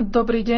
Dobrý deň,